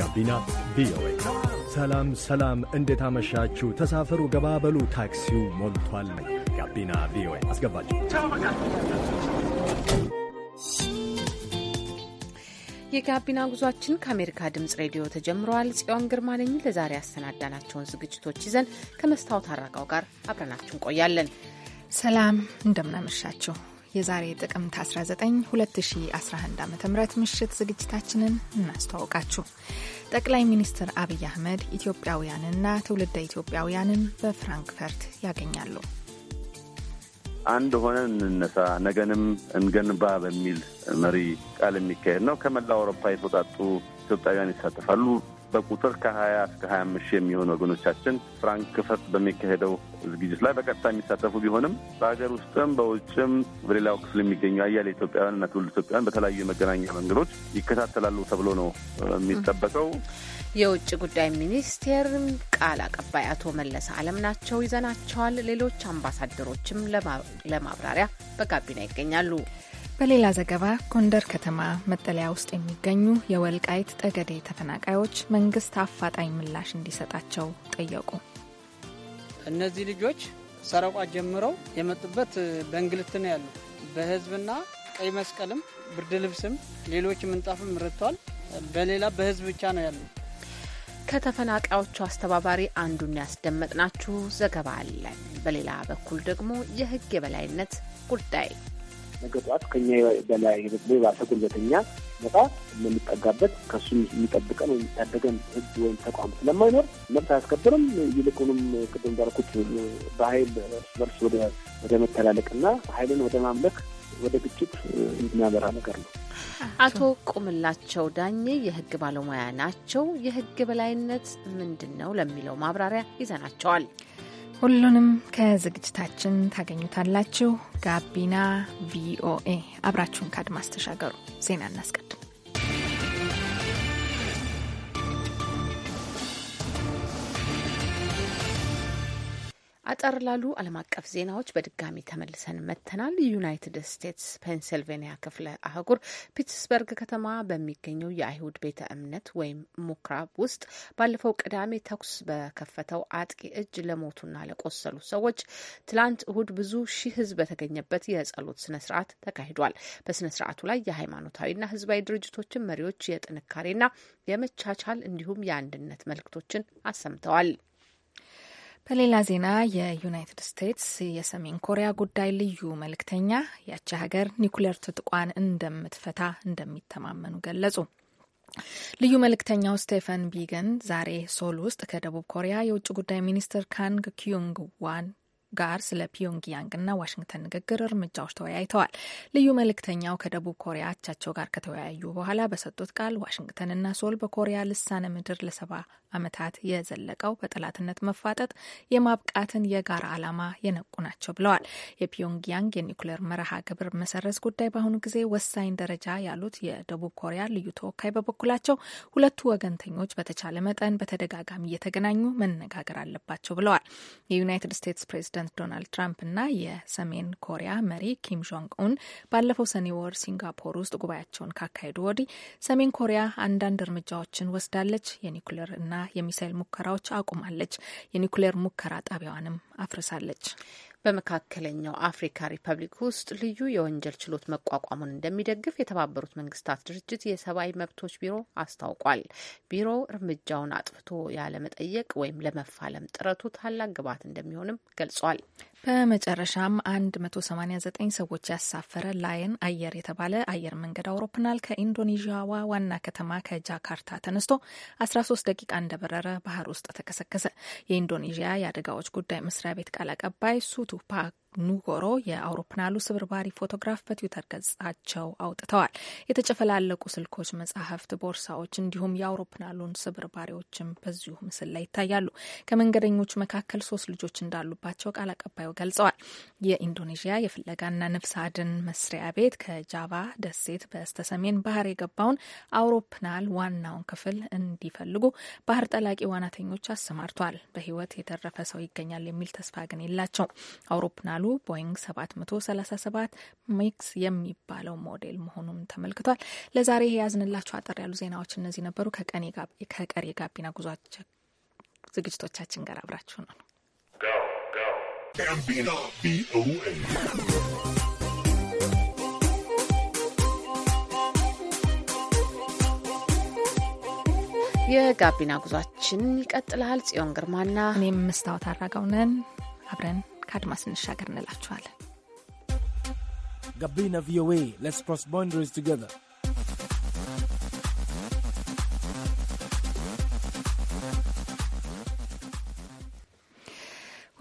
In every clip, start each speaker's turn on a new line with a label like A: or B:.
A: ጋቢና ቪኦኤ። ሰላም ሰላም፣ እንዴት አመሻችሁ? ተሳፈሩ፣ ገባበሉ፣ ታክሲው ሞልቷል። ጋቢና ቪኦኤ
B: አስገባችሁ።
C: የጋቢና ጉዟችን ከአሜሪካ ድምጽ ሬዲዮ ተጀምረዋል። ጽዮን ግርማ ነኝ። ለዛሬ ያሰናዳናቸውን
D: ዝግጅቶች ይዘን ከመስታወት አራጋው ጋር አብረናችሁ እንቆያለን። ሰላም፣ እንደምናመሻችሁ የዛሬ ጥቅምት 19 2011 ዓ ም ምሽት ዝግጅታችንን እናስተዋውቃችሁ። ጠቅላይ ሚኒስትር አብይ አህመድ ኢትዮጵያውያንና ትውልደ ኢትዮጵያውያንን በፍራንክፈርት ያገኛሉ።
E: አንድ ሆነን እንነሳ፣ ነገንም እንገንባ በሚል መሪ ቃል የሚካሄድ ነው። ከመላው አውሮፓ የተውጣጡ ኢትዮጵያውያን ይሳተፋሉ። በቁጥር ከ20 እስከ 25 ሺህ የሚሆኑ ወገኖቻችን ፍራንክፈርት በሚካሄደው ዝግጅት ላይ በቀጥታ የሚሳተፉ ቢሆንም በሀገር ውስጥም በውጭም በሌላው ክፍል የሚገኙ አያሌ ኢትዮጵያውያን እና ትውልድ ኢትዮጵያውያን በተለያዩ የመገናኛ መንገዶች ይከታተላሉ ተብሎ ነው የሚጠበቀው።
C: የውጭ ጉዳይ ሚኒስቴር ቃል አቀባይ አቶ መለስ አለም ናቸው። ይዘናቸዋል። ሌሎች አምባሳደሮችም ለማብራሪያ በጋቢና ይገኛሉ።
D: በሌላ ዘገባ ጎንደር ከተማ መጠለያ ውስጥ የሚገኙ የወልቃይት ጠገዴ ተፈናቃዮች መንግስት አፋጣኝ ምላሽ እንዲሰጣቸው ጠየቁ።
F: እነዚህ ልጆች ሰረቋ ጀምረው የመጡበት በእንግልት ነው ያሉ። በህዝብና ቀይ መስቀልም ብርድ ልብስም ሌሎች ምንጣፍም ርቷል። በሌላ በህዝብ ብቻ ነው ያሉ።
C: ከተፈናቃዮቹ አስተባባሪ አንዱን ያስደመጥናችሁ ዘገባ አለን። በሌላ በኩል ደግሞ የህግ የበላይነት ጉዳይ
G: ነገ ጠዋት ከኛ በላይ የባሰ ጉልበተኛ መጣ የምንጠጋበት ከሱ የሚጠብቀን ወይም የሚታደገን ህግ ወይም ተቋም ስለማይኖር መብት አያስከብርም። ይልቁንም ቅድም እንዳልኩት በሀይል እርስ በርስ ወደ መተላለቅና ሀይልን ወደ ማምለክ ወደ ግጭት የሚያመራ ነገር ነው።
C: አቶ ቁምላቸው ዳኜ የህግ ባለሙያ ናቸው። የህግ በላይነት ምንድን ነው ለሚለው
D: ማብራሪያ ይዘናቸዋል። ሁሉንም ከዝግጅታችን ታገኙታላችሁ። ጋቢና ቪኦኤ አብራችሁን ከአድማስ ተሻገሩ። ዜና እናስቀድም።
C: አጠር ላሉ ዓለም አቀፍ ዜናዎች በድጋሚ ተመልሰን መጥተናል። ዩናይትድ ስቴትስ ፔንሲልቬኒያ ክፍለ አህጉር ፒትስበርግ ከተማ በሚገኘው የአይሁድ ቤተ እምነት ወይም ምኩራብ ውስጥ ባለፈው ቅዳሜ ተኩስ በከፈተው አጥቂ እጅ ለሞቱና ለቆሰሉ ሰዎች ትላንት እሁድ ብዙ ሺህ ሕዝብ በተገኘበት የጸሎት ስነ ስርዓት ተካሂዷል። በስነ ስርዓቱ ላይ የሃይማኖታዊና ሕዝባዊ ድርጅቶችን መሪዎች የጥንካሬና የመቻቻል እንዲሁም የአንድነት መልእክቶችን አሰምተዋል።
D: በሌላ ዜና የዩናይትድ ስቴትስ የሰሜን ኮሪያ ጉዳይ ልዩ መልእክተኛ ያቺ ሀገር ኒኩሌር ትጥቋን እንደምትፈታ እንደሚተማመኑ ገለጹ። ልዩ መልእክተኛው ስቴፈን ቢገን ዛሬ ሶል ውስጥ ከደቡብ ኮሪያ የውጭ ጉዳይ ሚኒስትር ካንግ ኪዩንግ ዋን ጋር ስለ ፒዮንግያንግና ዋሽንግተን ንግግር እርምጃዎች ተወያይተዋል። ልዩ መልእክተኛው ከደቡብ ኮሪያ አቻቸው ጋር ከተወያዩ በኋላ በሰጡት ቃል ዋሽንግተንና ሶል በኮሪያ ልሳነ ምድር ለሰባ ዓመታት የዘለቀው በጠላትነት መፋጠጥ የማብቃትን የጋራ ዓላማ የነቁ ናቸው ብለዋል። የፒዮንግያንግ የኒውክሌር መርሃ ግብር መሰረዝ ጉዳይ በአሁኑ ጊዜ ወሳኝ ደረጃ ያሉት የደቡብ ኮሪያ ልዩ ተወካይ በበኩላቸው ሁለቱ ወገንተኞች በተቻለ መጠን በተደጋጋሚ እየተገናኙ መነጋገር አለባቸው ብለዋል። የዩናይትድ ስቴትስ ፕሬዚደንት ፕሬዝደንት ዶናልድ ትራምፕና የሰሜን ኮሪያ መሪ ኪም ጆንግ ኡን ባለፈው ሰኔ ወር ሲንጋፖር ውስጥ ጉባኤያቸውን ካካሄዱ ወዲህ ሰሜን ኮሪያ አንዳንድ እርምጃዎችን ወስዳለች፣ የኒኩሌር እና የሚሳይል ሙከራዎች አቁማለች፣ የኒኩሌር ሙከራ ጣቢያዋንም አፍርሳለች። በመካከለኛው አፍሪካ
C: ሪፐብሊክ ውስጥ ልዩ የወንጀል ችሎት መቋቋሙን እንደሚደግፍ የተባበሩት መንግስታት ድርጅት የሰብአዊ መብቶች ቢሮ አስታውቋል። ቢሮው እርምጃውን አጥፍቶ ያለመጠየቅ ወይም ለመፋለም ጥረቱ ታላቅ ግብዓት እንደሚሆንም ገልጿል።
D: በመጨረሻም 189 ሰዎች ያሳፈረ ላየን አየር የተባለ አየር መንገድ አውሮፕላን ከኢንዶኔዥያዋ ዋና ከተማ ከጃካርታ ተነስቶ 13 ደቂቃ እንደበረረ ባህር ውስጥ ተከሰከሰ። የኢንዶኔዥያ የአደጋዎች ጉዳይ መስሪያ ቤት ቃል አቀባይ ሱቱፓ ኑጎሮ የአውሮፕላኑ ስብርባሪ ፎቶግራፍ በትዊተር ገጻቸው አውጥተዋል። የተጨፈላለቁ ስልኮች፣ መጽሐፍት ቦርሳዎች እንዲሁም የአውሮፕላኑን ስብርባሪዎችም በዚሁ ምስል ላይ ይታያሉ። ከመንገደኞቹ መካከል ሶስት ልጆች እንዳሉባቸው ቃል አቀባዩ ገልጸዋል። የኢንዶኔዥያ የፍለጋና ነፍስ አድን መስሪያ ቤት ከጃቫ ደሴት በስተሰሜን ባህር የገባውን አውሮፕላን ዋናውን ክፍል እንዲፈልጉ ባህር ጠላቂ ዋናተኞች አሰማርቷል። በህይወት የተረፈ ሰው ይገኛል የሚል ተስፋ ግን የላቸው አውሮፕላኑ አውሮፓውያኑ ቦይንግ 737 ሚክስ የሚባለው ሞዴል መሆኑም ተመልክቷል። ለዛሬ የያዝንላችሁ አጠር ያሉ ዜናዎች እነዚህ ነበሩ። ከቀሪ የጋቢና ጉዞ ዝግጅቶቻችን ጋር አብራችሁ ነው።
C: የጋቢና ጉዟችን ይቀጥላል። ጽዮን
D: ግርማና እኔም መስታወት አራጋው ነን አብረን ከአድማስ እንሻገር እንላችኋለን።
A: ጋቢና ቪኦኤ ሌትስ ክሮስ ባውንደሪስ ቱጌዘር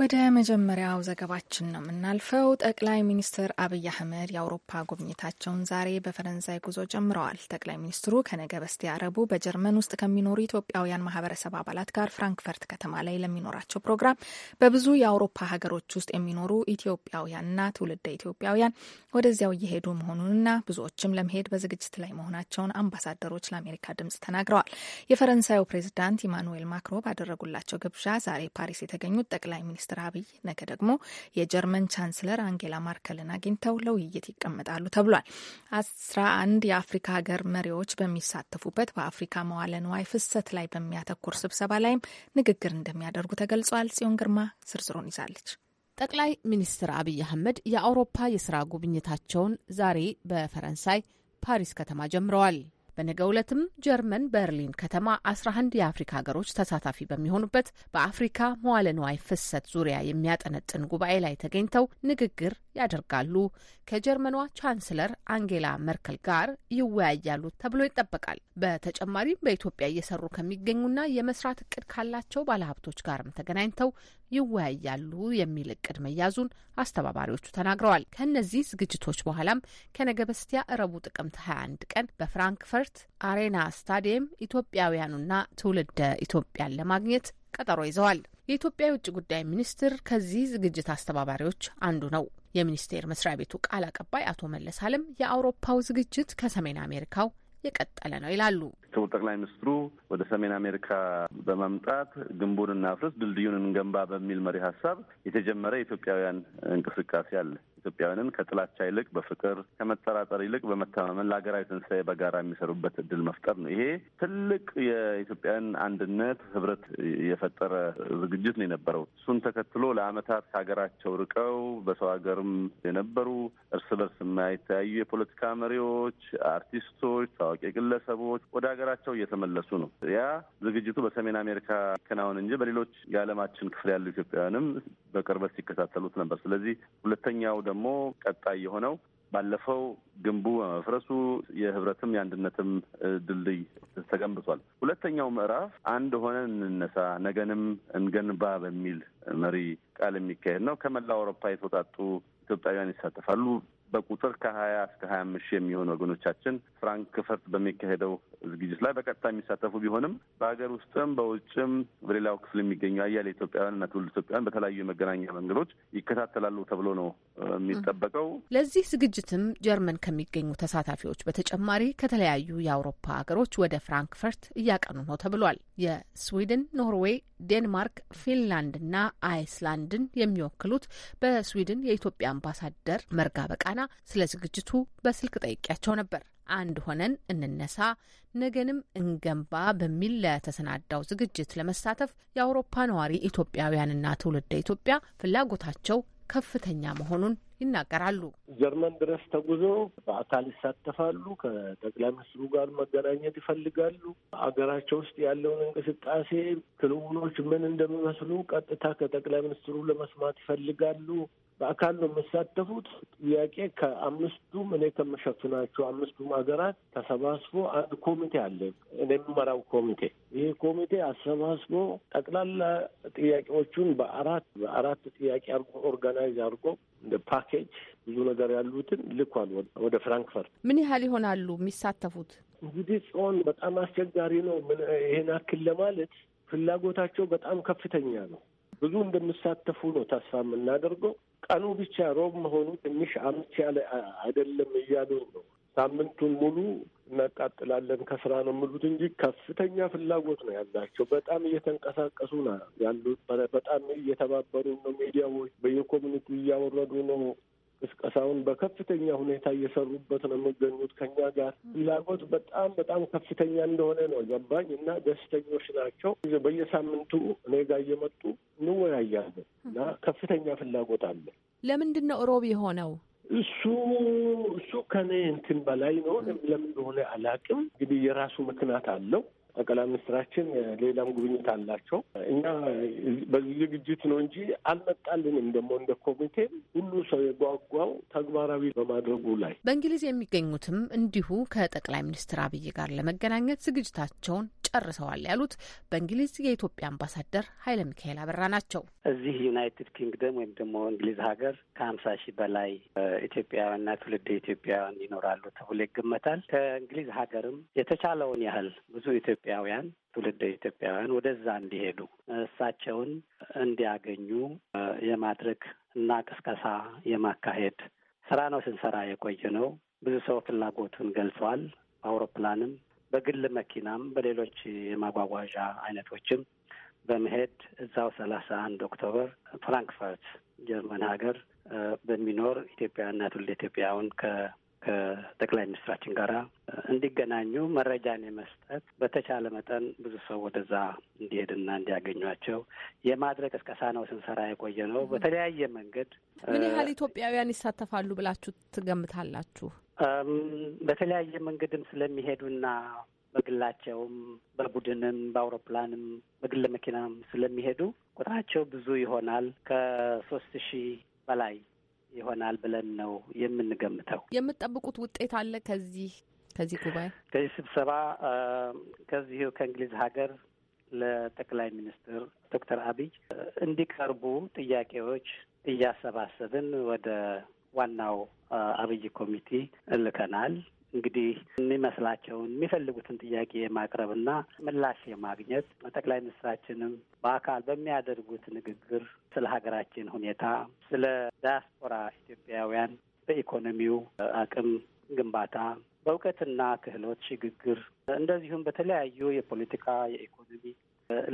D: ወደ መጀመሪያው ዘገባችን ነው የምናልፈው። ጠቅላይ ሚኒስትር አብይ አህመድ የአውሮፓ ጉብኝታቸውን ዛሬ በፈረንሳይ ጉዞ ጀምረዋል። ጠቅላይ ሚኒስትሩ ከነገ በስቲያ አረቡ በጀርመን ውስጥ ከሚኖሩ ኢትዮጵያውያን ማህበረሰብ አባላት ጋር ፍራንክፈርት ከተማ ላይ ለሚኖራቸው ፕሮግራም በብዙ የአውሮፓ ሀገሮች ውስጥ የሚኖሩ ኢትዮጵያውያንና ትውልደ ኢትዮጵያውያን ወደዚያው እየሄዱ መሆኑንና ብዙዎችም ለመሄድ በዝግጅት ላይ መሆናቸውን አምባሳደሮች ለአሜሪካ ድምጽ ተናግረዋል። የፈረንሳዩ ፕሬዚዳንት ኢማኑዌል ማክሮ ባደረጉላቸው ግብዣ ዛሬ ፓሪስ የተገኙት ጠቅላይ ሚኒስትር ሚኒስትር አብይ ነገ ደግሞ የጀርመን ቻንስለር አንጌላ ማርከልን አግኝተው ለውይይት ይቀመጣሉ ተብሏል። አስራ አንድ የአፍሪካ ሀገር መሪዎች በሚሳተፉበት በአፍሪካ መዋለ ንዋይ ፍሰት ላይ በሚያተኩር ስብሰባ ላይም ንግግር እንደሚያደርጉ ተገልጿል። ጽዮን ግርማ ዝርዝሩን ይዛለች። ጠቅላይ ሚኒስትር አብይ አህመድ የአውሮፓ
C: የስራ ጉብኝታቸውን ዛሬ በፈረንሳይ ፓሪስ ከተማ ጀምረዋል። በነገ ዕለትም ጀርመን በርሊን ከተማ 11 የአፍሪካ ሀገሮች ተሳታፊ በሚሆኑበት በአፍሪካ መዋለ ንዋይ ፍሰት ዙሪያ የሚያጠነጥን ጉባኤ ላይ ተገኝተው ንግግር ያደርጋሉ፣ ከጀርመኗ ቻንስለር አንጌላ መርከል ጋር ይወያያሉ ተብሎ ይጠበቃል። በተጨማሪም በኢትዮጵያ እየሰሩ ከሚገኙና የመስራት እቅድ ካላቸው ባለሀብቶች ጋርም ተገናኝተው ይወያያሉ የሚል እቅድ መያዙን አስተባባሪዎቹ ተናግረዋል። ከእነዚህ ዝግጅቶች በኋላም ከነገ በስቲያ እረቡ ጥቅምት 21 ቀን በፍራንክፈርት አሬና ስታዲየም ኢትዮጵያውያኑና ትውልደ ኢትዮጵያን ለማግኘት ቀጠሮ ይዘዋል። የኢትዮጵያ የውጭ ጉዳይ ሚኒስትር ከዚህ ዝግጅት አስተባባሪዎች አንዱ ነው። የሚኒስቴር መስሪያ ቤቱ ቃል አቀባይ አቶ መለስ አለም የአውሮፓው ዝግጅት ከሰሜን አሜሪካው የቀጠለ ነው ይላሉ።
E: ክቡር ጠቅላይ ሚኒስትሩ ወደ ሰሜን አሜሪካ በመምጣት ግንቡን እናፍርስ ድልድዩን እንገንባ በሚል መሪ ሀሳብ የተጀመረ የኢትዮጵያውያን እንቅስቃሴ አለ። ኢትዮጵያውያንን ከጥላቻ ይልቅ በፍቅር ከመጠራጠር ይልቅ በመተማመን ለሀገራዊ ትንሳኤ በጋራ የሚሰሩበት እድል መፍጠር ነው። ይሄ ትልቅ የኢትዮጵያን አንድነት ህብረት የፈጠረ ዝግጅት ነው የነበረው። እሱን ተከትሎ ለአመታት ከሀገራቸው ርቀው በሰው ሀገርም የነበሩ እርስ በርስ የማይተያዩ የፖለቲካ መሪዎች፣ አርቲስቶች፣ ታዋቂ ግለሰቦች ወደ ሀገራቸው እየተመለሱ ነው። ያ ዝግጅቱ በሰሜን አሜሪካ ይከናወን እንጂ በሌሎች የዓለማችን ክፍል ያሉ ኢትዮጵያውያንም በቅርበት ሲከታተሉት ነበር። ስለዚህ ሁለተኛው ደግሞ ቀጣይ የሆነው ባለፈው ግንቡ በመፍረሱ የህብረትም የአንድነትም ድልድይ ተገንብቷል። ሁለተኛው ምዕራፍ አንድ ሆነን እንነሳ፣ ነገንም እንገንባ በሚል መሪ ቃል የሚካሄድ ነው። ከመላው አውሮፓ የተውጣጡ ኢትዮጵያውያን ይሳተፋሉ። በቁጥር ከሀያ እስከ ሀያ አምስት ሺህ የሚሆኑ ወገኖቻችን ፍራንክፈርት በሚካሄደው ዝግጅት ላይ በቀጥታ የሚሳተፉ ቢሆንም በሀገር ውስጥም በውጭም በሌላው ክፍል የሚገኙ አያሌ ኢትዮጵያውያን እና ትውልድ ኢትዮጵያውያን በተለያዩ የመገናኛ መንገዶች ይከታተላሉ ተብሎ ነው የሚጠበቀው።
C: ለዚህ ዝግጅትም ጀርመን ከሚገኙ ተሳታፊዎች በተጨማሪ ከተለያዩ የአውሮፓ ሀገሮች ወደ ፍራንክፈርት እያቀኑ ነው ተብሏል። የስዊድን፣ ኖርዌይ፣ ዴንማርክ፣ ፊንላንድና አይስላንድን የሚወክሉት በስዊድን የኢትዮጵያ አምባሳደር መርጋ በቃና ስለ ዝግጅቱ በስልክ ጠይቂያቸው ነበር። አንድ ሆነን እንነሳ ነገንም እንገንባ በሚል ለተሰናዳው ዝግጅት ለመሳተፍ የአውሮፓ ነዋሪ ኢትዮጵያውያንና ትውልደ ኢትዮጵያ ፍላጎታቸው ከፍተኛ መሆኑን ይናገራሉ።
A: ጀርመን ድረስ ተጉዞ በአካል ይሳተፋሉ። ከጠቅላይ ሚኒስትሩ ጋር መገናኘት ይፈልጋሉ። አገራቸው ውስጥ ያለውን እንቅስቃሴ ክንውኖች ምን እንደሚመስሉ ቀጥታ ከጠቅላይ ሚኒስትሩ ለመስማት ይፈልጋሉ። በአካል ነው የሚሳተፉት። ጥያቄ ከአምስቱም እኔ ከምሸፍናቸው አምስቱም ሀገራት ተሰባስቦ አንድ ኮሚቴ አለ፣ እኔ የምመራው ኮሚቴ። ይህ ኮሚቴ አሰባስቦ ጠቅላላ ጥያቄዎቹን በአራት በአራት ጥያቄ አርጎ ኦርጋናይዝ አድርጎ እንደ ፓኬጅ ብዙ ነገር ያሉትን ልኳል ወደ ፍራንክፈርት።
C: ምን ያህል ይሆናሉ የሚሳተፉት? እንግዲህ
A: ጽዮን በጣም አስቸጋሪ ነው ይሄን አክል ለማለት ፍላጎታቸው በጣም ከፍተኛ ነው። ብዙ እንደሚሳተፉ ነው ተስፋ የምናደርገው። ቀኑ ብቻ ሮብ መሆኑ ትንሽ አመች ያለ አይደለም እያሉ ነው። ሳምንቱን ሙሉ እናቃጥላለን ከስራ ነው የምሉት እንጂ ከፍተኛ ፍላጎት ነው ያላቸው። በጣም እየተንቀሳቀሱ ነው ያሉት። በጣም እየተባበሩ ነው። ሚዲያዎች በየኮሚኒቲው እያወረዱ ነው። ቅስቀሳውን በከፍተኛ ሁኔታ እየሰሩበት ነው የሚገኙት። ከኛ ጋር ፍላጎት በጣም በጣም ከፍተኛ እንደሆነ ነው ገባኝ እና ደስተኞች ናቸው። በየሳምንቱ እኔ ጋር እየመጡ እንወያያለን እና ከፍተኛ ፍላጎት አለ።
C: ለምንድን ነው ሮብ የሆነው?
A: እሱ እሱ ከኔ እንትን በላይ ነው። ለምን እንደሆነ እንግዲህ የራሱ ምክንያት አለው። ጠቅላይ ሚኒስትራችን ሌላም ጉብኝት አላቸው። እኛ በዚህ ዝግጅት ነው እንጂ አልመጣልንም። ደግሞ እንደ ኮሚቴ ሁሉ ሰው የጓጓው ተግባራዊ በማድረጉ ላይ
C: በእንግሊዝ የሚገኙትም እንዲሁ ከጠቅላይ ሚኒስትር አብይ ጋር ለመገናኘት ዝግጅታቸውን ጨርሰዋል ያሉት በእንግሊዝ የኢትዮጵያ አምባሳደር ኃይለ ሚካኤል አበራ ናቸው።
F: እዚህ ዩናይትድ ኪንግደም ወይም ደግሞ እንግሊዝ ሀገር ከሀምሳ ሺህ በላይ ኢትዮጵያውያንና ትውልድ ኢትዮጵያውያን ይኖራሉ ተብሎ ይገመታል። ከእንግሊዝ ሀገርም የተቻለውን ያህል ብዙ ኢትዮጵያውያን ትውልደ ኢትዮጵያውያን ወደዛ እንዲሄዱ እሳቸውን እንዲያገኙ የማድረግ እና ቅስቀሳ የማካሄድ ስራ ነው ስንሰራ የቆየ ነው። ብዙ ሰው ፍላጎቱን ገልጿል። በአውሮፕላንም በግል መኪናም በሌሎች የማጓጓዣ አይነቶችም በመሄድ እዛው ሰላሳ አንድ ኦክቶበር ፍራንክፈርት ጀርመን ሀገር በሚኖር ኢትዮጵያውያንና ትውልደ ኢትዮጵያውን ከ ከጠቅላይ ሚኒስትራችን ጋር እንዲገናኙ መረጃን የመስጠት በተቻለ መጠን ብዙ ሰው ወደዛ እንዲሄድና እንዲያገኟቸው የማድረግ ቅስቀሳ ነው ስንሰራ የቆየ ነው። በተለያየ መንገድ ምን ያህል
C: ኢትዮጵያውያን ይሳተፋሉ ብላችሁ ትገምታላችሁ?
F: በተለያየ መንገድም ስለሚሄዱና በግላቸውም በቡድንም በአውሮፕላንም በግለ መኪናም ስለሚሄዱ ቁጥራቸው ብዙ ይሆናል ከሶስት ሺህ በላይ ይሆናል ብለን ነው የምንገምተው።
C: የምትጠብቁት ውጤት አለ ከዚህ ከዚህ ጉባኤ
F: ከዚህ ስብሰባ ከዚሁ ከእንግሊዝ ሀገር ለጠቅላይ ሚኒስትር ዶክተር አብይ እንዲቀርቡ ጥያቄዎች እያሰባሰብን ወደ ዋናው አብይ ኮሚቴ እልከናል። እንግዲህ የሚመስላቸውን የሚፈልጉትን ጥያቄ የማቅረብና ምላሽ የማግኘት ጠቅላይ ሚኒስትራችንም በአካል በሚያደርጉት ንግግር ስለ ሀገራችን ሁኔታ፣ ስለ ዳያስፖራ ኢትዮጵያውያን በኢኮኖሚው አቅም ግንባታ፣ በእውቀትና ክህሎት ሽግግር እንደዚሁም በተለያዩ የፖለቲካ የኢኮኖሚ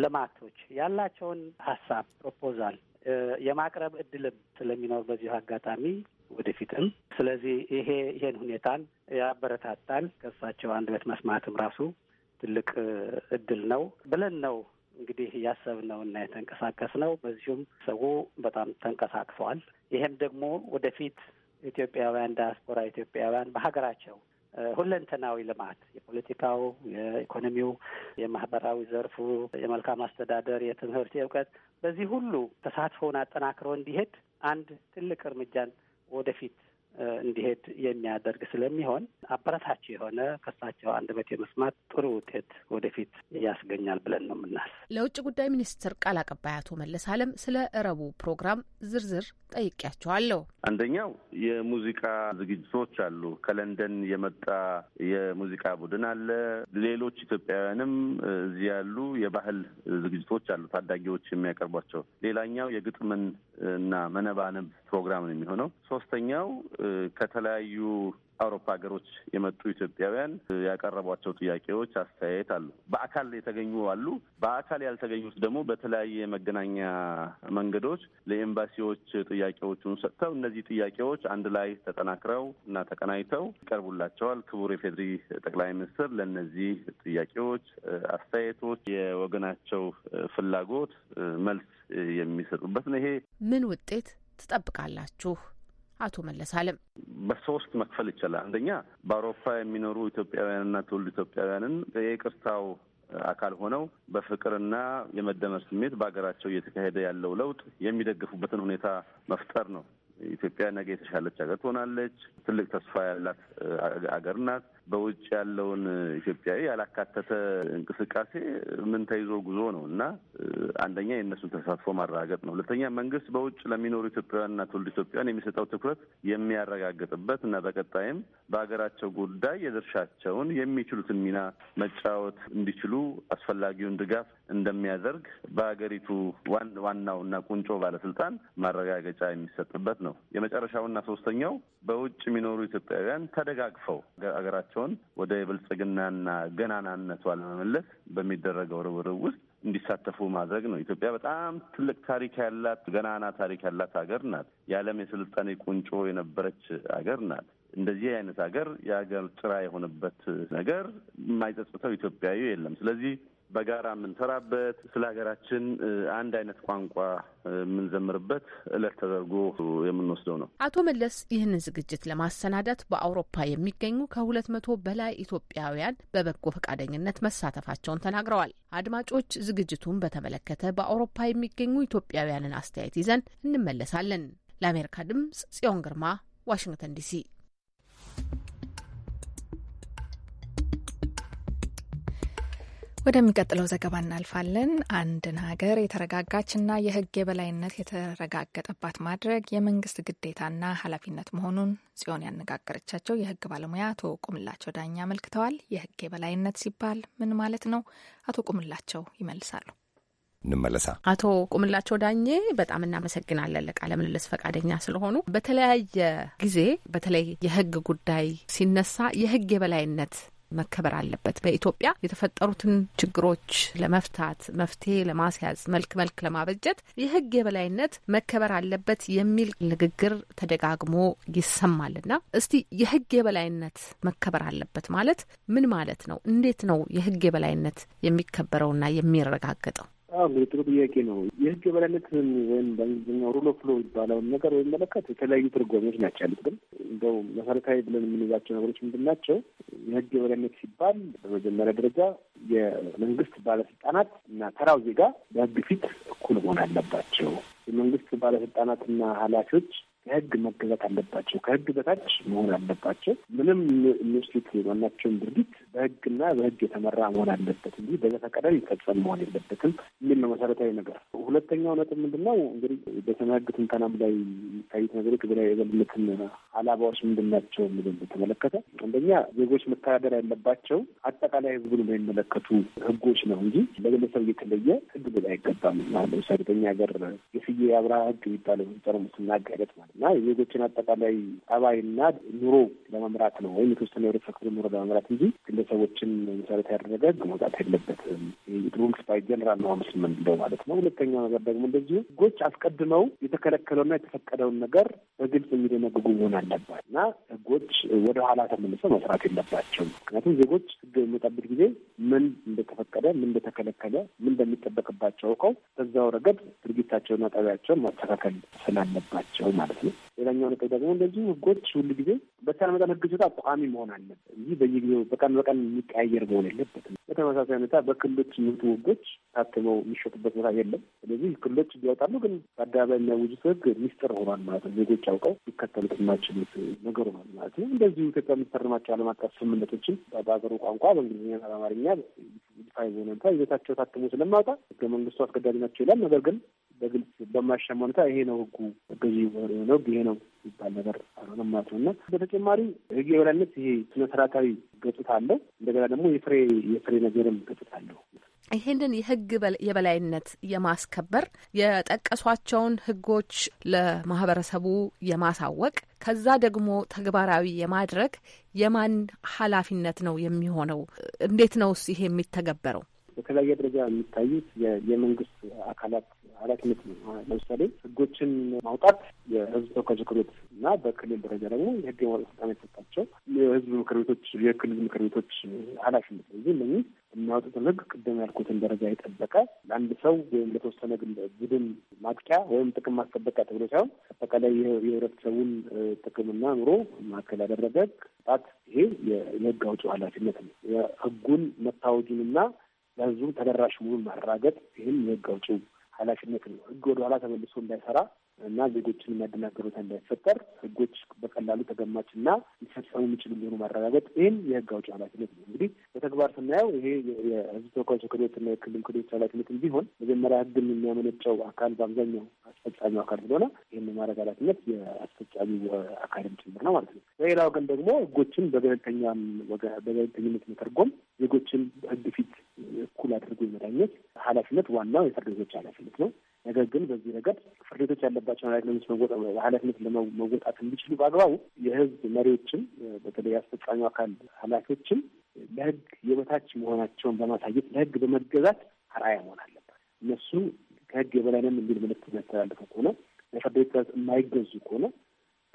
F: ልማቶች ያላቸውን ሀሳብ ፕሮፖዛል የማቅረብ እድልም ስለሚኖር በዚሁ አጋጣሚ ወደፊትም። ስለዚህ ይሄ ይሄን ሁኔታን ያበረታታል። ከእሳቸው አንድ ቤት መስማትም ራሱ ትልቅ እድል ነው ብለን ነው እንግዲህ ያሰብነው እና የተንቀሳቀስ ነው። በዚሁም ሰው በጣም ተንቀሳቅሰዋል። ይሄም ደግሞ ወደፊት ኢትዮጵያውያን ዲያስፖራ ኢትዮጵያውያን በሀገራቸው ሁለንተናዊ ልማት የፖለቲካው፣ የኢኮኖሚው፣ የማህበራዊ ዘርፉ፣ የመልካም አስተዳደር፣ የትምህርት፣ የእውቀት በዚህ ሁሉ ተሳትፎውን አጠናክሮ እንዲሄድ አንድ ትልቅ እርምጃን ወደፊት እንዲሄድ የሚያደርግ ስለሚሆን አበረታች የሆነ ከሳቸው በት የመስማት ጥሩ ውጤት ወደፊት ያስገኛል ብለን ነው የምናስብ።
C: ለውጭ ጉዳይ ሚኒስትር ቃል አቀባይ አቶ መለስ አለም ስለ እረቡ ፕሮግራም ዝርዝር ጠይቄያቸዋለሁ።
F: አንደኛው
E: የሙዚቃ ዝግጅቶች አሉ። ከለንደን የመጣ የሙዚቃ ቡድን አለ። ሌሎች ኢትዮጵያውያንም እዚህ ያሉ የባህል ዝግጅቶች አሉ፣ ታዳጊዎች የሚያቀርቧቸው። ሌላኛው የግጥምን እና መነባነብ ፕሮግራም ነው የሚሆነው። ሶስተኛው ከተለያዩ አውሮፓ ሀገሮች የመጡ ኢትዮጵያውያን ያቀረቧቸው ጥያቄዎች፣ አስተያየት አሉ። በአካል የተገኙ አሉ። በአካል ያልተገኙት ደግሞ በተለያየ የመገናኛ መንገዶች ለኤምባሲዎች ጥያቄዎቹን ሰጥተው እነዚህ ጥያቄዎች አንድ ላይ ተጠናክረው እና ተቀናይተው ይቀርቡላቸዋል። ክቡር የፌዴሪ ጠቅላይ ሚኒስትር ለእነዚህ ጥያቄዎች፣ አስተያየቶች የወገናቸው ፍላጎት መልስ የሚሰጡበት ነው። ይሄ
C: ምን ውጤት ትጠብቃላችሁ? አቶ መለስ አለም
E: በሶስት መክፈል ይቻላል። አንደኛ በአውሮፓ የሚኖሩ ኢትዮጵያውያንና ትውልድ ኢትዮጵያውያንን የቅርታው አካል ሆነው በፍቅርና የመደመር ስሜት በሀገራቸው እየተካሄደ ያለው ለውጥ የሚደግፉበትን ሁኔታ መፍጠር ነው። ኢትዮጵያ ነገ የተሻለች ሀገር ትሆናለች። ትልቅ ተስፋ ያላት አገር ናት። በውጭ ያለውን ኢትዮጵያዊ ያላካተተ እንቅስቃሴ ምን ተይዞ ጉዞ ነው እና አንደኛ የእነሱን ተሳትፎ ማረጋገጥ ነው። ሁለተኛ መንግስት በውጭ ለሚኖሩ ኢትዮጵያውያንና ትውልድ ኢትዮጵያውያን የሚሰጠው ትኩረት የሚያረጋግጥበት እና በቀጣይም በሀገራቸው ጉዳይ የድርሻቸውን የሚችሉትን ሚና መጫወት እንዲችሉ አስፈላጊውን ድጋፍ እንደሚያደርግ በሀገሪቱ ዋናውና ቁንጮ ባለስልጣን ማረጋገጫ የሚሰጥበት ነው። የመጨረሻውና ሶስተኛው በውጭ የሚኖሩ ኢትዮጵያውያን ተደጋግፈው ሀገራቸው ሀገራቸውን ወደ የብልጽግናና ገናናነቷ ለመመለስ በሚደረገው ርብርብ ውስጥ እንዲሳተፉ ማድረግ ነው። ኢትዮጵያ በጣም ትልቅ ታሪክ ያላት ገናና ታሪክ ያላት ሀገር ናት። የዓለም የስልጣኔ ቁንጮ የነበረች ሀገር ናት። እንደዚህ አይነት ሀገር የሀገር ጭራ የሆነበት ነገር የማይጸጽተው ኢትዮጵያዊ የለም። ስለዚህ በጋራ የምንሰራበት ስለ ሀገራችን አንድ አይነት ቋንቋ የምንዘምርበት እለት ተደርጎ የምንወስደው ነው።
C: አቶ መለስ ይህንን ዝግጅት ለማሰናዳት በአውሮፓ የሚገኙ ከሁለት መቶ በላይ ኢትዮጵያውያን በበጎ ፈቃደኝነት መሳተፋቸውን ተናግረዋል። አድማጮች ዝግጅቱን በተመለከተ በአውሮፓ የሚገኙ ኢትዮጵያውያንን አስተያየት ይዘን እንመለሳለን። ለአሜሪካ ድምጽ ጽዮን ግርማ ዋሽንግተን
D: ዲሲ ወደሚቀጥለው ዘገባ እናልፋለን። አንድን ሀገር የተረጋጋችና የሕግ የበላይነት የተረጋገጠባት ማድረግ የመንግስት ግዴታና ኃላፊነት መሆኑን ጽዮን ያነጋገረቻቸው የሕግ ባለሙያ አቶ ቁምላቸው ዳኛ አመልክተዋል። የሕግ የበላይነት ሲባል ምን ማለት ነው? አቶ ቁምላቸው ይመልሳሉ። እንመለሳ አቶ
C: ቁምላቸው ዳኜ በጣም እናመሰግናለን ለቃለ ምልልስ ፈቃደኛ ስለሆኑ። በተለያየ ጊዜ በተለይ የህግ ጉዳይ ሲነሳ የህግ የበላይነት መከበር አለበት። በኢትዮጵያ የተፈጠሩትን ችግሮች ለመፍታት መፍትሄ ለማስያዝ መልክ መልክ ለማበጀት የህግ የበላይነት መከበር አለበት የሚል ንግግር ተደጋግሞ ይሰማልና እስቲ የህግ የበላይነት መከበር አለበት ማለት ምን ማለት ነው? እንዴት ነው የህግ የበላይነት የሚከበረውና የሚረጋገጠው?
G: እንግዲህ ጥሩ ጥያቄ ነው። የህግ የበላይነት ወይም በእንግሊዝኛው ሩል ኦፍ ሎው የሚባለውን ነገር በሚመለከት የተለያዩ ትርጓሜዎች ናቸው ያሉት። ግን እንደው መሰረታዊ ብለን የምንይዛቸው ነገሮች ምንድን ናቸው? የህግ የበላይነት ሲባል በመጀመሪያ ደረጃ የመንግስት ባለስልጣናት እና ተራው ዜጋ በህግ ፊት እኩል መሆን አለባቸው። የመንግስት ባለስልጣናት ባለስልጣናትና ኃላፊዎች ከህግ መገዛት አለባቸው። ከህግ በታች መሆን አለባቸው። ምንም ንስሊት ማናቸውም ድርጊት በህግና በህግ የተመራ መሆን አለበት እንጂ በዘፈቀደ ይፈጸም መሆን የለበትም የሚል ነው መሰረታዊ ነገር። ሁለተኛው ነጥብ ምንድን ነው እንግዲህ በስነ ህግ ትንተናም ላይ የሚታዩት ነገሮች ግብራዊ የበላይነትን አላባዎች ምንድን ናቸው የሚለውን በተመለከተ አንደኛ ዜጎች መተዳደር ያለባቸው አጠቃላይ ህዝቡን የሚመለከቱ ህጎች ነው እንጂ ለግለሰብ እየተለየ ህግ ብላ አይገባም። ለምሳሌ በኛ ሀገር የስዬ አብርሃ ህግ የሚባለው ጠርሙ ሙስና ማለት እና የዜጎችን አጠቃላይ ጠባይና ኑሮ ለመምራት ነው ወይም የተወሰነ የህብረተሰብ ክፍል ኑሮ ለመምራት እንጂ ግለሰቦችን መሰረት ያደረገ ህግ መውጣት የለበትም። ሩልስ ባይ ጀነራል ነው አምስት የምንለው ማለት ነው። ሁለተኛው ነገር ደግሞ እንደዚሁ ህጎች አስቀድመው የተከለከለውና የተፈቀደውን ነገር በግልጽ የሚደነግጉ መሆን አለባት እና ህጎች ወደ ኋላ ተመልሰው መስራት የለባቸው። ምክንያቱም ዜጎች ህግ በሚወጣበት ጊዜ ምን እንደተፈቀደ፣ ምን እንደተከለከለ፣ ምን እንደሚጠበቅባቸው አውቀው በዛው ረገድ ድርጊታቸውና ጠቢያቸውን ማስተካከል ስላለባቸው ማለት ነው። ሌላኛው ነጥብ ደግሞ እንደዚሁ ህጎች ሁሉ ጊዜ በተቻለ መጠን ህግ ሲወጣ ቋሚ መሆን አለበት። ይህ በየጊዜው በቀን በቀን በጣም የሚቀያየር መሆን የለበትም። በተመሳሳይ ሁኔታ በክልሎች የሚወጡ ህጎች ታትመው የሚሸጡበት ቦታ የለም። ስለዚህ ክልሎች ቢያወጣሉ፣ ግን በአደባባይ የሚያውጁት ህግ ሚስጥር ሆኗል ማለት ነው። ዜጎች አውቀው ሊከተሉት የማይችሉት ነገር ሆኗል ማለት ነው። እንደዚሁ ኢትዮጵያ የምትፈርማቸው ዓለም አቀፍ ስምምነቶችን በሀገሩ ቋንቋ በእንግሊዝኛ፣ በአማርኛ ይፋ የሆነ እንኳ ይዘታቸው ታትሞ ስለማውጣ ህገ መንግስቱ አስገዳጅ ናቸው ይላል። ነገር ግን በግልጽ በማያሻማ ሁኔታ ይሄ ነው ህጉ ገዢ ነው ይሄ ነው የሚባል ነገር አልሆነም ማለት ነው እና በተጨማሪ ህግ የበላይነት ይሄ ስነስርዓታዊ ገጽታ አለው። እንደገና ደግሞ የፍሬ የፍሬ ነገርም ገጽታ አለው።
C: ይህንን የህግ የበላይነት የማስከበር የጠቀሷቸውን ህጎች ለማህበረሰቡ የማሳወቅ ከዛ ደግሞ ተግባራዊ የማድረግ የማን ኃላፊነት ነው የሚሆነው? እንዴት ነውስ ይሄ የሚተገበረው?
G: በተለያየ ደረጃ የሚታዩት የመንግስት አካላት ኃላፊነት ነው። ለምሳሌ ህጎችን ማውጣት የህዝብ ተወካዮች ምክር ቤት እና በክልል ደረጃ ደግሞ የህግ የማውጣት ስልጣን የተሰጣቸው የህዝብ ምክር ቤቶች የክልል ምክር ቤቶች ኃላፊነት ነው። እዚህ ለሚ የሚያወጡትን ህግ ቅድም ያልኩትን ደረጃ የጠበቀ ለአንድ ሰው ወይም ለተወሰነ ቡድን ማጥቂያ ወይም ጥቅም ማስጠበቂያ ተብሎ ሳይሆን አጠቃላይ የህብረተሰቡን ጥቅምና ኑሮ ማዕከል ያደረገ ጣት ይሄ የህግ አውጪው ኃላፊነት ነው። የህጉን መታወጁንና ለህዝቡ ተደራሽ መሆኑን ማረጋገጥ ይህም የህግ አውጪው ኃላፊነት ነው። ህግ ወደ ኋላ ተመልሶ እንዳይሰራ እና ዜጎችን የሚያደናግር ሁኔታ እንዳይፈጠር ህጎች በቀላሉ ተገማች እና ሊፈጸሙ የሚችሉ እንዲሆኑ ማረጋገጥ ይህም የህግ አውጭ ኃላፊነት ነው። እንግዲህ በተግባር ስናየው ይሄ የህዝብ ተወካዮች ምክር ቤትና የክልል ምክር ቤት ኃላፊነትም ቢሆን መጀመሪያ ህግን የሚያመነጨው አካል በአብዛኛው አስፈጻሚው አካል ስለሆነ ይህን የማድረግ ኃላፊነት የአስፈጻሚ አካልም ጭምር ነው ማለት ነው።
A: በሌላ ወገን ደግሞ
G: ህጎችን በገለልተኛም በገለልተኝነት መተርጎም ዜጎችን ህግ ፊት እኩል አድርጎ የመዳኘት ኃላፊነት ዋናው የፍርድ ቤቶች ኃላፊነት ነው። ነገር ግን በዚህ ረገድ ፍርድ ቤቶች ያለባቸውን ኃላፊነት ለመወጣት እንዲችሉ በአግባቡ የህዝብ መሪዎችም በተለይ አስፈጻሚው አካል ኃላፊዎችም ለህግ የበታች መሆናቸውን በማሳየት ለህግ በመገዛት አርአያ መሆን አለባት። እነሱ ከህግ የበላይ ነን የሚል ምልክት የሚያስተላልፉ ከሆነ ለፍርድ ቤት ትዕዛዝ የማይገዙ ከሆነ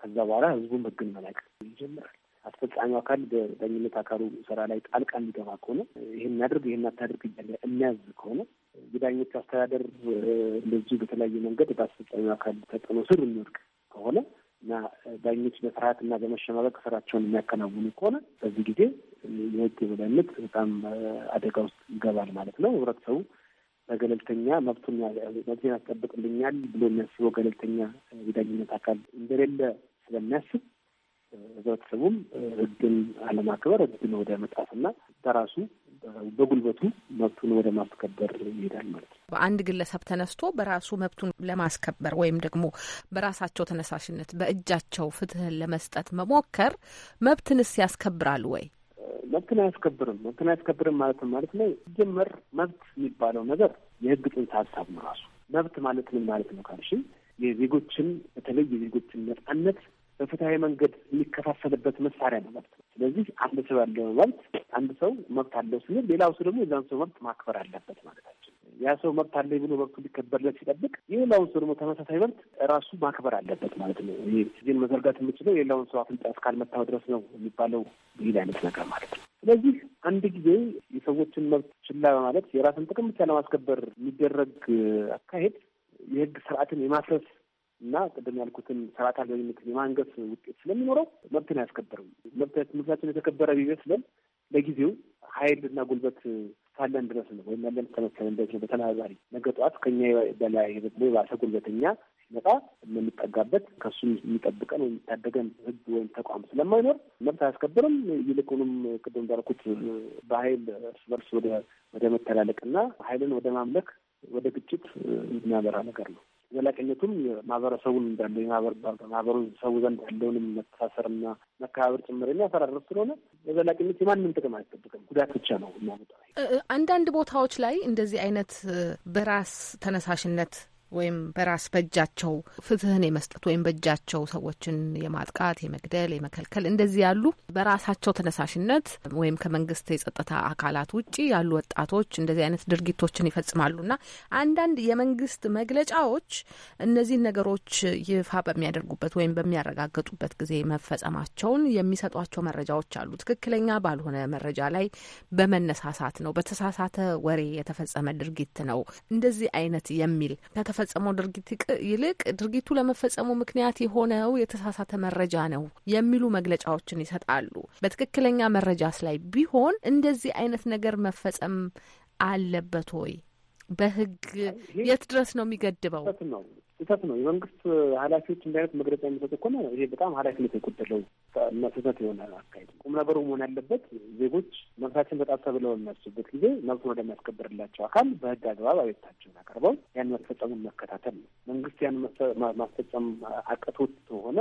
G: ከዛ በኋላ ህዝቡን ህግን መናቅ ይጀምራል። አስፈጻሚ አካል በዳኝነት አካሉ ስራ ላይ ጣልቃ የሚገባ ከሆነ ይህን አድርግ ይህን አታድርግ እያለ የሚያዝ ከሆነ የዳኞች አስተዳደር እንደዚሁ በተለያየ መንገድ በአስፈጻሚ አካል ተጽዕኖ ስር የሚወድቅ ከሆነ እና ዳኞች በፍርሀት እና በመሸማቀቅ ስራቸውን የሚያከናውኑ ከሆነ በዚህ ጊዜ የህግ የበላይነት በጣም አደጋ ውስጥ ይገባል ማለት ነው። ህብረተሰቡ በገለልተኛ መብቱን መብትን ያስጠብቅልኛል ብሎ የሚያስበው ገለልተኛ የዳኝነት አካል እንደሌለ ስለሚያስብ ህብረተሰቡም ህግን አለማክበር ህግን ወደ መጣፍና በራሱ በጉልበቱ መብቱን ወደ ማስከበር ይሄዳል ማለት ነው።
C: በአንድ ግለሰብ ተነስቶ በራሱ መብቱን ለማስከበር ወይም ደግሞ በራሳቸው ተነሳሽነት በእጃቸው ፍትህን ለመስጠት መሞከር መብትንስ ያስከብራል ወይ?
G: መብትን አያስከብርም። መብትን አያስከብርም ማለት ማለት ነው። ሲጀመር መብት የሚባለው ነገር የህግ ጽንሰ ሀሳብ ነው። ራሱ መብት ማለት ምን ማለት ነው ካልሽኝ የዜጎችን በተለይ የዜጎችን ነጻነት በፍትሐዊ መንገድ የሚከፋፈልበት መሳሪያ ነው መብት። ስለዚህ አንድ ሰው ያለው መብት አንድ ሰው መብት አለው ስንል ሌላው ሰው ደግሞ የዛን ሰው መብት ማክበር አለበት ማለታችን። ያ ሰው መብት አለ ብሎ መብቱ ሊከበርለት ሲጠብቅ የሌላውን ሰው ደግሞ ተመሳሳይ መብት ራሱ ማክበር አለበት ማለት ነው። ይህ ጊዜን መዘርጋት የምችለው የሌላውን ሰው አፍንጫ እስካልመታው ድረስ ነው የሚባለው ይህ አይነት ነገር ማለት ነው። ስለዚህ አንድ ጊዜ የሰዎችን መብት ችላ በማለት የራስን ጥቅም ብቻ ለማስከበር የሚደረግ አካሄድ የህግ ስርዓትን የማፍረስ እና ቅድም ያልኩትን ስርዓት አልበኝነት የማንገስ ውጤት ስለሚኖረው መብትን አያስከበርም። መብት መብታችን የተከበረ ቢመስለን ለጊዜው እና ጉልበት ሳለን ድረስ ነው ወይም ያለን ተመሰለን ድረስ በተናዛሪ ነገ ጠዋት ከኛ በላይ ደግሞ የባሰ ጉልበተኛ ሲመጣ የምንጠጋበት ከሱም የሚጠብቀን ወይም የሚታደገን ህግ ወይም ተቋም ስለማይኖር መብት አያስከብርም። ይልቁንም ቅድም እንዳልኩት በኃይል እርስ በርስ ወደ መተላለቅና ኃይልን ወደ ማምለክ ወደ ግጭት የሚያመራ ነገር ነው። ዘላቂነቱም ማህበረሰቡን እንዳለ ማህበረሰቡ ዘንድ ያለውንም መተሳሰርና መከባበር ጭምር የሚያፈራርስ ስለሆነ በዘላቂነት የማንም ጥቅም አይጠብቅም፣ ጉዳት ብቻ ነው።
C: አንዳንድ ቦታዎች ላይ እንደዚህ አይነት በራስ ተነሳሽነት ወይም በራስ በእጃቸው ፍትህን የመስጠት ወይም በእጃቸው ሰዎችን የማጥቃት የመግደል፣ የመከልከል እንደዚህ ያሉ በራሳቸው ተነሳሽነት ወይም ከመንግስት የጸጥታ አካላት ውጭ ያሉ ወጣቶች እንደዚህ አይነት ድርጊቶችን ይፈጽማሉና አንዳንድ የመንግስት መግለጫዎች እነዚህን ነገሮች ይፋ በሚያደርጉበት ወይም በሚያረጋግጡበት ጊዜ መፈጸማቸውን የሚሰጧቸው መረጃዎች አሉ። ትክክለኛ ባልሆነ መረጃ ላይ በመነሳሳት ነው፣ በተሳሳተ ወሬ የተፈጸመ ድርጊት ነው እንደዚህ አይነት የሚል ከተፈጸመው ድርጊት ይልቅ ድርጊቱ ለመፈጸሙ ምክንያት የሆነው የተሳሳተ መረጃ ነው የሚሉ መግለጫዎችን ይሰጣሉ። በትክክለኛ መረጃስ ላይ ቢሆን እንደዚህ አይነት ነገር መፈጸም አለበት ወይ? በህግ የት ድረስ ነው የሚገድበው?
G: ስህተት ነው። የመንግስት ኃላፊዎች እንዲህ አይነት መግለጫ የሚሰጡ ከሆነ ይሄ በጣም ኃላፊነት የጎደለው ስህተት የሆነ አካሄድ። ቁም ነገሩ መሆን ያለበት ዜጎች መብታችን ተጣሰ ብለው የሚያስቡበት ጊዜ መብቱን ወደሚያስከብርላቸው አካል በህግ አግባብ አቤታቸውን አቀርበው ያን መፈጸሙን መከታተል ነው። መንግስት ያን ማስፈጸም አቅቶት ከሆነ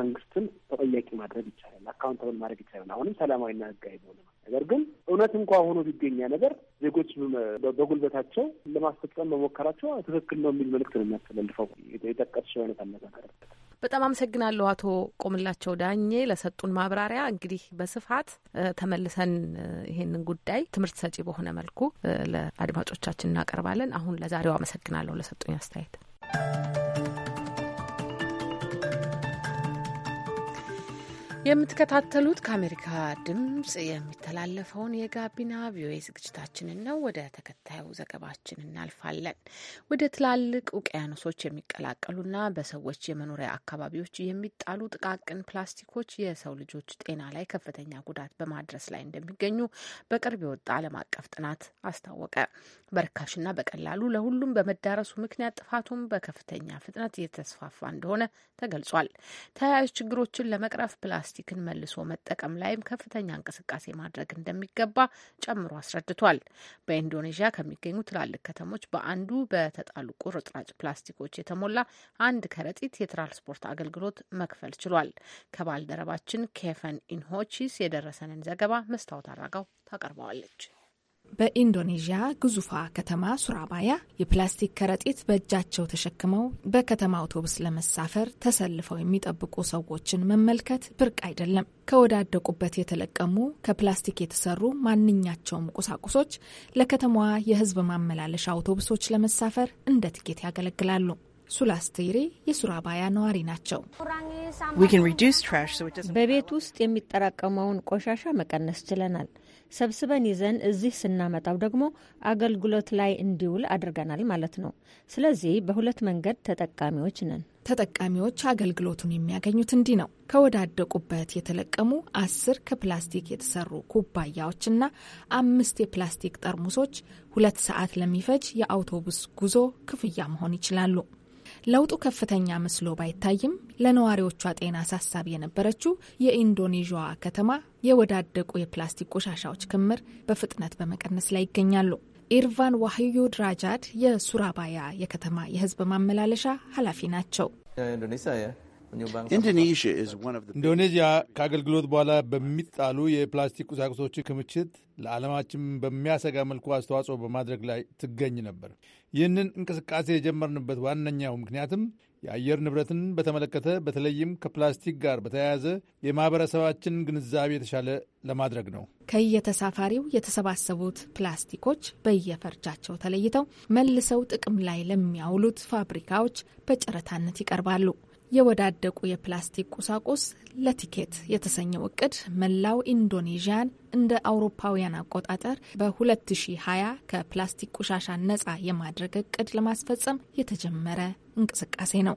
G: መንግስትን ተጠያቂ ማድረግ ይቻላል፣ አካውንታብል ማድረግ ይቻላል። አሁንም ሰላማዊና ህጋዊ በሆነ ነገር ግን እውነት እንኳ ሆኖ ቢገኛ ነገር ዜጎች በጉልበታቸው ለማስፈጸም መሞከራቸው ትክክል ነው የሚል መልእክት ነው የሚያስተላልፈው የጠቀስሽው አይነት አነጋገር።
C: በጣም አመሰግናለሁ አቶ ቆምላቸው ዳኜ ለሰጡን ማብራሪያ። እንግዲህ በስፋት ተመልሰን ይሄንን ጉዳይ ትምህርት ሰጪ በሆነ መልኩ ለአድማጮቻችን እናቀርባለን። አሁን ለዛሬው አመሰግናለሁ ለሰጡኝ አስተያየት። የምትከታተሉት ከአሜሪካ ድምፅ የሚተላለፈውን የጋቢና ቪኦኤ ዝግጅታችንን ነው። ወደ ተከታዩ ዘገባችን እናልፋለን። ወደ ትላልቅ ውቅያኖሶች የሚቀላቀሉና በሰዎች የመኖሪያ አካባቢዎች የሚጣሉ ጥቃቅን ፕላስቲኮች የሰው ልጆች ጤና ላይ ከፍተኛ ጉዳት በማድረስ ላይ እንደሚገኙ በቅርብ የወጣ ዓለም አቀፍ ጥናት አስታወቀ። በርካሽና በቀላሉ ለሁሉም በመዳረሱ ምክንያት ጥፋቱም በከፍተኛ ፍጥነት እየተስፋፋ እንደሆነ ተገልጿል። ተያያዥ ችግሮችን ለመቅረፍ ፕላስቲ ፕላስቲክን መልሶ መጠቀም ላይም ከፍተኛ እንቅስቃሴ ማድረግ እንደሚገባ ጨምሮ አስረድቷል። በኢንዶኔዥያ ከሚገኙ ትላልቅ ከተሞች በአንዱ በተጣሉ ቁርጥራጭ ፕላስቲኮች የተሞላ አንድ ከረጢት የትራንስፖርት አገልግሎት መክፈል ችሏል። ከባልደረባችን ኬፈን ኢንሆቺስ የደረሰንን ዘገባ መስታወት አራጋው ታቀርበዋለች።
D: በኢንዶኔዥያ ግዙፏ ከተማ ሱራባያ የፕላስቲክ ከረጢት በእጃቸው ተሸክመው በከተማ አውቶቡስ ለመሳፈር ተሰልፈው የሚጠብቁ ሰዎችን መመልከት ብርቅ አይደለም። ከወዳደቁበት የተለቀሙ ከፕላስቲክ የተሰሩ ማንኛቸውም ቁሳቁሶች ለከተማዋ የሕዝብ ማመላለሻ አውቶቡሶች ለመሳፈር እንደ ትኬት ያገለግላሉ። ሱላስቴሪ የሱራባያ ነዋሪ ናቸው።
C: በቤት ውስጥ የሚጠራቀመውን ቆሻሻ መቀነስ ችለናል። ሰብስበን ይዘን እዚህ ስናመጣው
D: ደግሞ አገልግሎት ላይ እንዲውል አድርገናል ማለት ነው። ስለዚህ በሁለት መንገድ ተጠቃሚዎች ነን። ተጠቃሚዎች አገልግሎቱን የሚያገኙት እንዲህ ነው። ከወዳደቁበት የተለቀሙ አስር ከፕላስቲክ የተሰሩ ኩባያዎችና አምስት የፕላስቲክ ጠርሙሶች ሁለት ሰዓት ለሚፈጅ የአውቶቡስ ጉዞ ክፍያ መሆን ይችላሉ። ለውጡ ከፍተኛ መስሎ ባይታይም ለነዋሪዎቿ ጤና አሳሳቢ የነበረችው የኢንዶኔዥዋ ከተማ የወዳደቁ የፕላስቲክ ቆሻሻዎች ክምር በፍጥነት በመቀነስ ላይ ይገኛሉ። ኢርቫን ዋህዩ ድራጃድ የሱራባያ የከተማ የሕዝብ ማመላለሻ ኃላፊ ናቸው። ኢንዶኔዥያ ከአገልግሎት በኋላ በሚጣሉ የፕላስቲክ ቁሳቁሶች ክምችት ለዓለማችን በሚያሰጋ መልኩ አስተዋጽኦ በማድረግ ላይ ትገኝ ነበር። ይህንን እንቅስቃሴ የጀመርንበት ዋነኛው ምክንያትም የአየር ንብረትን በተመለከተ በተለይም ከፕላስቲክ ጋር በተያያዘ የማህበረሰባችን ግንዛቤ የተሻለ ለማድረግ ነው። ከየተሳፋሪው የተሰባሰቡት ፕላስቲኮች በየፈርጃቸው ተለይተው መልሰው ጥቅም ላይ ለሚያውሉት ፋብሪካዎች በጨረታነት ይቀርባሉ። የወዳደቁ የፕላስቲክ ቁሳቁስ ለቲኬት የተሰኘው እቅድ መላው ኢንዶኔዥያን እንደ አውሮፓውያን አቆጣጠር በ2020 ከፕላስቲክ ቆሻሻ ነጻ የማድረግ እቅድ ለማስፈጸም የተጀመረ እንቅስቃሴ ነው።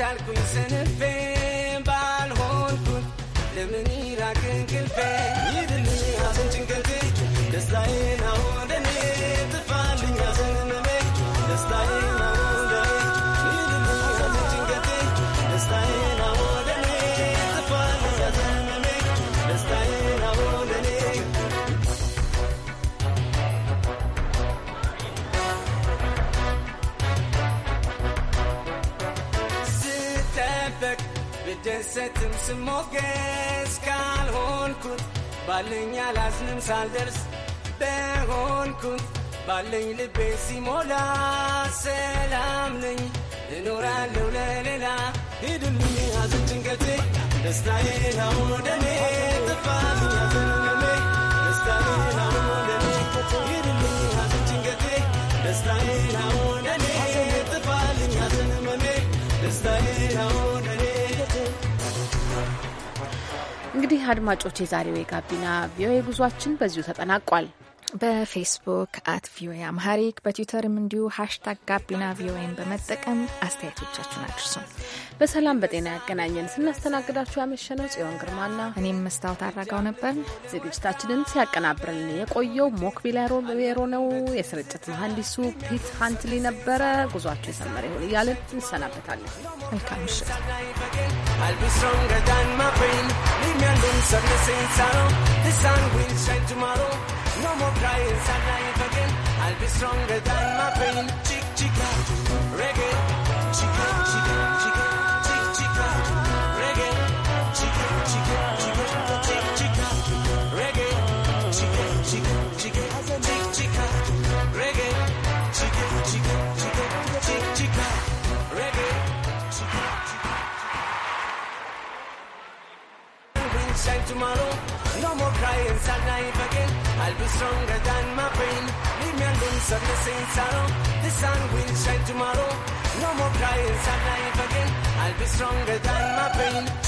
B: in y se ስደሰትም ስሞገስ ካልሆንኩት ባለኝ አላዝንም ሳልደርስ በሆንኩት ባለኝ ልቤ ሲሞላ ሰላም ነኝ እኖራለሁ ለሌላ ሂድልኝ ሐዘን ጭንቀቴ ደስታዬ ነው ደኔ ጥፋ
D: እንግዲህ አድማጮች የዛሬው የጋቢና ቪኦኤ ጉዟችን በዚሁ ተጠናቋል። በፌስቡክ አት ቪኦኤ አምሃሪክ በትዊተርም እንዲሁ ሀሽታግ ጋቢና ቪኦኤን በመጠቀም አስተያየቶቻችሁን አድርሱ። በሰላም በጤና ያገናኘን። ስናስተናግዳችሁ
C: ያመሸነው ጽዮን ግርማና እኔም መስታወት አድራጋው ነበር። ዝግጅታችንን ሲያቀናብርልን የቆየው ሞክቢል ሮ ነው። የስርጭት መሀንዲሱ ፒት ሀንትሊ ነበረ። ጉዟችሁ የሰመረ ይሁን እያልን እንሰናበታለን። መልካም ምሽት።
B: I'll be stronger than my pain. Leave me alone, so sadness ain't sorrow. The sun will shine tomorrow. No more crying, sad life again. I'll be stronger than my pain. Chick, chica, ah. reggae, chica. Ah. sorrow. The sun will shine tomorrow. No more crying, sad life again. I'll be stronger than my pain.